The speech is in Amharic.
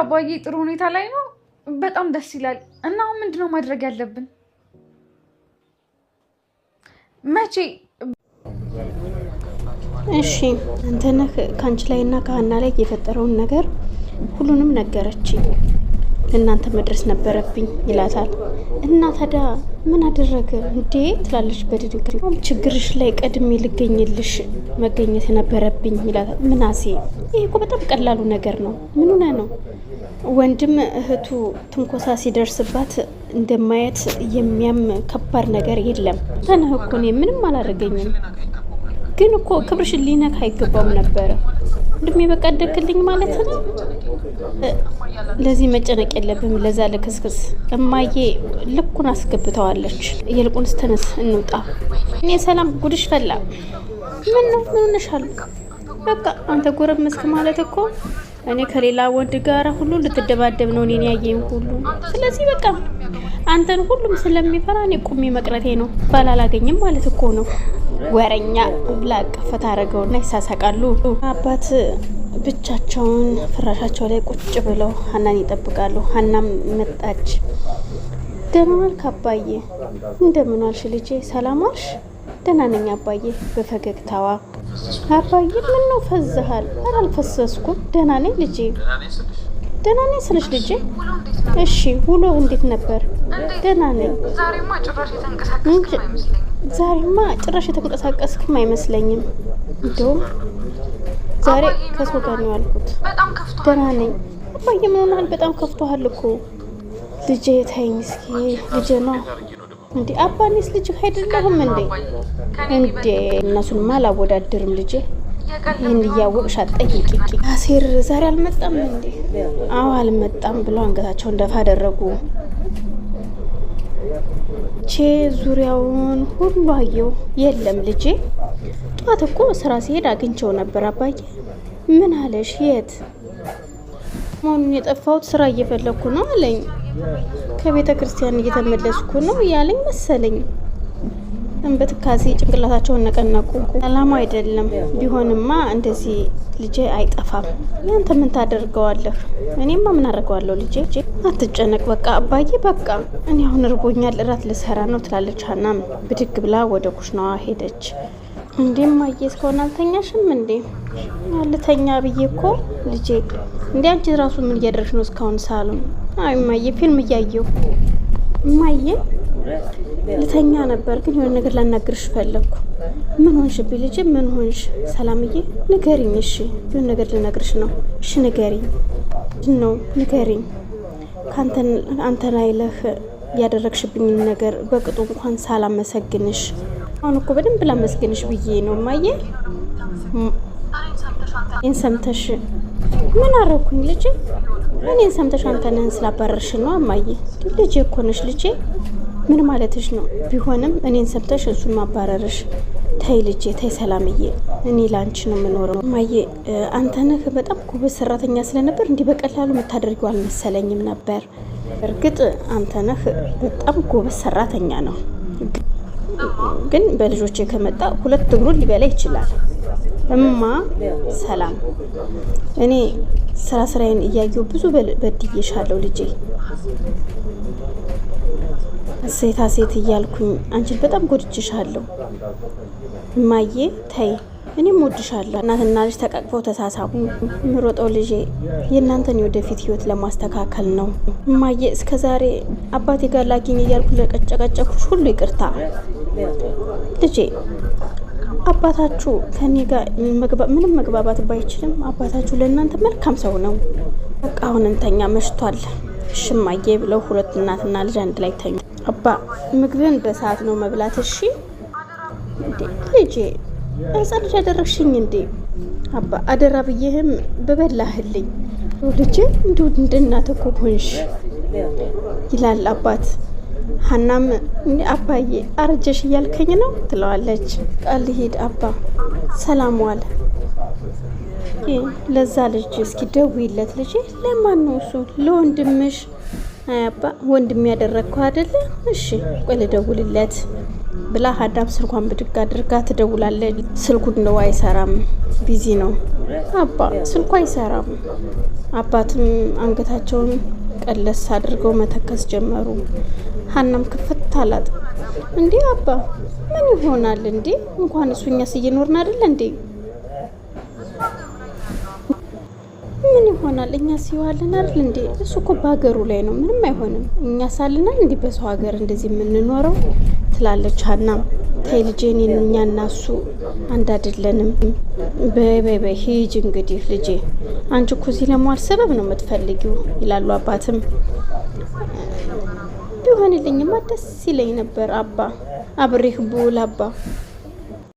አባዬ ጥሩ ሁኔታ ላይ ነው። በጣም ደስ ይላል። እና አሁን ምንድነው ማድረግ ያለብን? መቼ እሺ አንተነ ከአንቺ ላይ እና ከሀና ላይ የፈጠረውን ነገር ሁሉንም ነገረችኝ። እናንተ መድረስ ነበረብኝ ይላታል። እና ታዲያ ምን አደረገ እንዴ ትላለች በድንግር ችግርሽ ላይ ቀድሜ ልገኝልሽ መገኘት ነበረብኝ ይላታል። ምናሴ ይሄ እኮ በጣም ቀላሉ ነገር ነው። ምን ሆነ ነው ወንድም እህቱ ትንኮሳ ሲደርስባት እንደማየት የሚያም ከባድ ነገር የለም። ተነህ እኮ እኔ ምንም አላደረገኝም፣ ግን እኮ ክብርሽን ሊነካ አይገባውም ነበረ። ወንድሜ በቃ ደክልኝ ማለት ነው። ለዚህ መጨነቅ የለብም። ለዛ ልክስክስ እማዬ ልኩን አስገብተዋለች። ይልቁንስ ተነስ እንውጣ። እኔ ሰላም ጉድሽ ፈላ። ምን ነው ምን በቃ አንተ ጎረብ መስክ ማለት እኮ እኔ ከሌላ ወንድ ጋር ሁሉ ልትደባደብ ነው እኔን ያየኝ ሁሉ። ስለዚህ በቃ አንተን ሁሉም ስለሚፈራ እኔ ቁሜ መቅረቴ ነው። ባል አላገኝም ማለት እኮ ነው። ወረኛ ብላ ቀፈት አደረገውና ይሳሳቃሉ። አባት ብቻቸውን ፍራሻቸው ላይ ቁጭ ብለው ሀናን ይጠብቃሉ። ሀናም መጣች። ደህና ዋልክ አባዬ? እንደምን ዋልሽ ልጄ? ሰላም ዋልሽ? ደህና ነኝ አባዬ በፈገግታዋ አባዬ ምን ነው ፈዝሃል? ኧረ አልፈሰስኩም፣ ደህና ነኝ ልጄ፣ ደህና ነኝ ስልሽ ልጄ። እሺ ውሎ እንዴት ነበር? ደህና ነኝ። ዛሬማ ጭራሽ የተንቀሳቀስክም አይመስለኝም። እንደውም ዛሬ ከሰው ጋር ነው ያልኩት። ደህና ነኝ አባዬ። ምን ሆነሃል? በጣም ከፍቶሃል እኮ ልጄ። ተይ ምስኪ ልጄ ነው እንዴ አባኔስ ልጅ አይደለሁም እንዴ? እንዴ እነሱንማ አላወዳድርም ልጄ። ይህን እያወቅሽ አትጠይቂ። አሴር ዛሬ አልመጣም እንዴ? አዎ አልመጣም ብለው አንገታቸውን ደፋ አደረጉ። ቼ ዙሪያውን ሁሉ አየው። የለም ልጄ፣ ጧት እኮ ስራ ሲሄድ አግኝቸው ነበር። አባዬ ምን አለሽ? የት መሆኑን የጠፋሁት ስራ እየፈለግኩ ነው አለኝ። ከቤተ ክርስቲያን እየተመለስኩ ነው እያለኝ መሰለኝ። በትካዜ ጭንቅላታቸውን ነቀነቁ። ሰላም አይደለም ቢሆንማ እንደዚህ ልጄ አይጠፋም። ያንተ ምን ታደርገዋለህ? እኔማ ምን አደርገዋለሁ? ልጄ አትጨነቅ፣ በቃ አባዬ፣ በቃ እኔ አሁን እርቦኛል፣ እራት ልሰራ ነው ትላለች። ሀናም ብድግ ብላ ወደ ኩሽናዋ ሄደች። እንዴም ማየ እስካሁን አልተኛሽም እንዴ? አልተኛ ብዬ እኮ ልጄ። እንዲ አንቺ ራሱ ምን እያደረግሽ ነው እስካሁን ሳሉን አይ እማዬ ፊልም እያየሁ እማዬ ልተኛ ነበር፣ ግን የሆነ ነገር ላናግርሽ ፈለግኩ። ምን ሆንሽብኝ ልጄ? ምን ሆንሽ? ሰላምዬ ንገሪኝ። እሺ የሆነ ነገር ልነግርሽ ነው። እሺ ንገሪኝ። ነው ንገሪኝ። አንተ ላይ ለህ ያደረግሽብኝ ነገር በቅጡ እንኳን ሳላመሰግንሽ፣ አሁን እኮ በደንብ ላመስግንሽ ብዬ ነው እማዬ። ይህን ሰምተሽ ምን አረኩኝ ልጅ? እኔን ሰምተሽ አንተነህን ስላባረርሽን ነው አማየ ልጄ እኮ ነሽ ልጄ። ምን ማለትሽ ነው? ቢሆንም እኔን ሰምተሽ እሱን ማባረርሽ ተይ ልጄ ተይ ሰላምዬ፣ እኔ ላንቺ ነው የምኖረው። እማዬ አንተነህ በጣም ጎበዝ ሰራተኛ ስለነበር እንዲህ በቀላሉ የምታደርገው አልመሰለኝም ነበር። እርግጥ አንተነህ በጣም ጎበዝ ሰራተኛ ነው፣ ግን በልጆቼ ከመጣ ሁለት እግሩን ሊበላ ይችላል። እማ ሰላም፣ እኔ ስራ ስራዬን እያየሁ ብዙ በድዬሻለሁ ልጄ። ሴታ ሴት እያልኩኝ አንቺን በጣም ጎድቼሻለሁ። እማዬ ተይ፣ እኔም ወድሻለሁ። እናትና ልጅ ተቃቅፈው ተሳሳቡ። ምሮጠው ልጄ የእናንተን የወደፊት ህይወት ለማስተካከል ነው። እማዬ፣ እስከ ዛሬ አባቴ ጋር ላግኝ እያልኩ ለቀጨቀጨኩሽ ሁሉ ይቅርታ ልጄ አባታችሁ ከኔ ጋር ምንም መግባባት ባይችልም አባታችሁ ለእናንተ መልካም ሰው ነው። በቃ አሁን እንተኛ መሽቷል፣ ሽማዬ ብለው ሁለት እናትና ልጅ አንድ ላይ ተኙ። አባ ምግብን በሰዓት ነው መብላት። እሺ ልጄ፣ ህፃን ልጅ ያደረግሽኝ እንዴ? አባ አደራ ብዬህም በበላህልኝ ልጄ፣ እንዲሁ እንደ እናት እኮ ሆንሽ ይላል አባት ሀናም አባዬ አረጀሽ እያልከኝ ነው ትለዋለች። ቃል ሂድ አባ ሰላም ዋል። ለዛ ልጅ እስኪ ደውይለት ልጅ ለማን ነው እሱ? ለወንድምሽ። አያባ ወንድም ያደረግከው አይደለ? እሺ ቆይ ልደውልለት ብላ ሀዳም ስልኳን ብድግ አድርጋ ትደውላለች። ስልኩ እንደው አይሰራም፣ ቢዚ ነው አባ ስልኩ አይሰራም። አባትም አንገታቸውን ቀለስ አድርገው መተከስ ጀመሩ። ሀናም ክፍት አላት። እንዴ አባ ምን ይሆናል እንዴ? እንኳን እሱ እኛስ እየኖርን እንዴ? ምን ይሆናል እኛ ሲዋልን አይደል እንዴ? እሱ እኮ በሀገሩ ላይ ነው፣ ምንም አይሆንም። እኛ ሳልናል እንዲህ በሰው ሀገር እንደዚህ የምንኖረው ትላለች ሀናም። ተይ ልጄ፣ እኔን እኛ እናሱ አንድ አይደለንም። በይ በይ በይ ሂጅ እንግዲህ ልጄ፣ አንቺ እኮ እዚህ ለመዋል ሰበብ ነው የምትፈልጊው ይላሉ አባትም ቢሆንልኝማ ደስ ይለኝ ነበር አባ አብሬህ ብውል አባ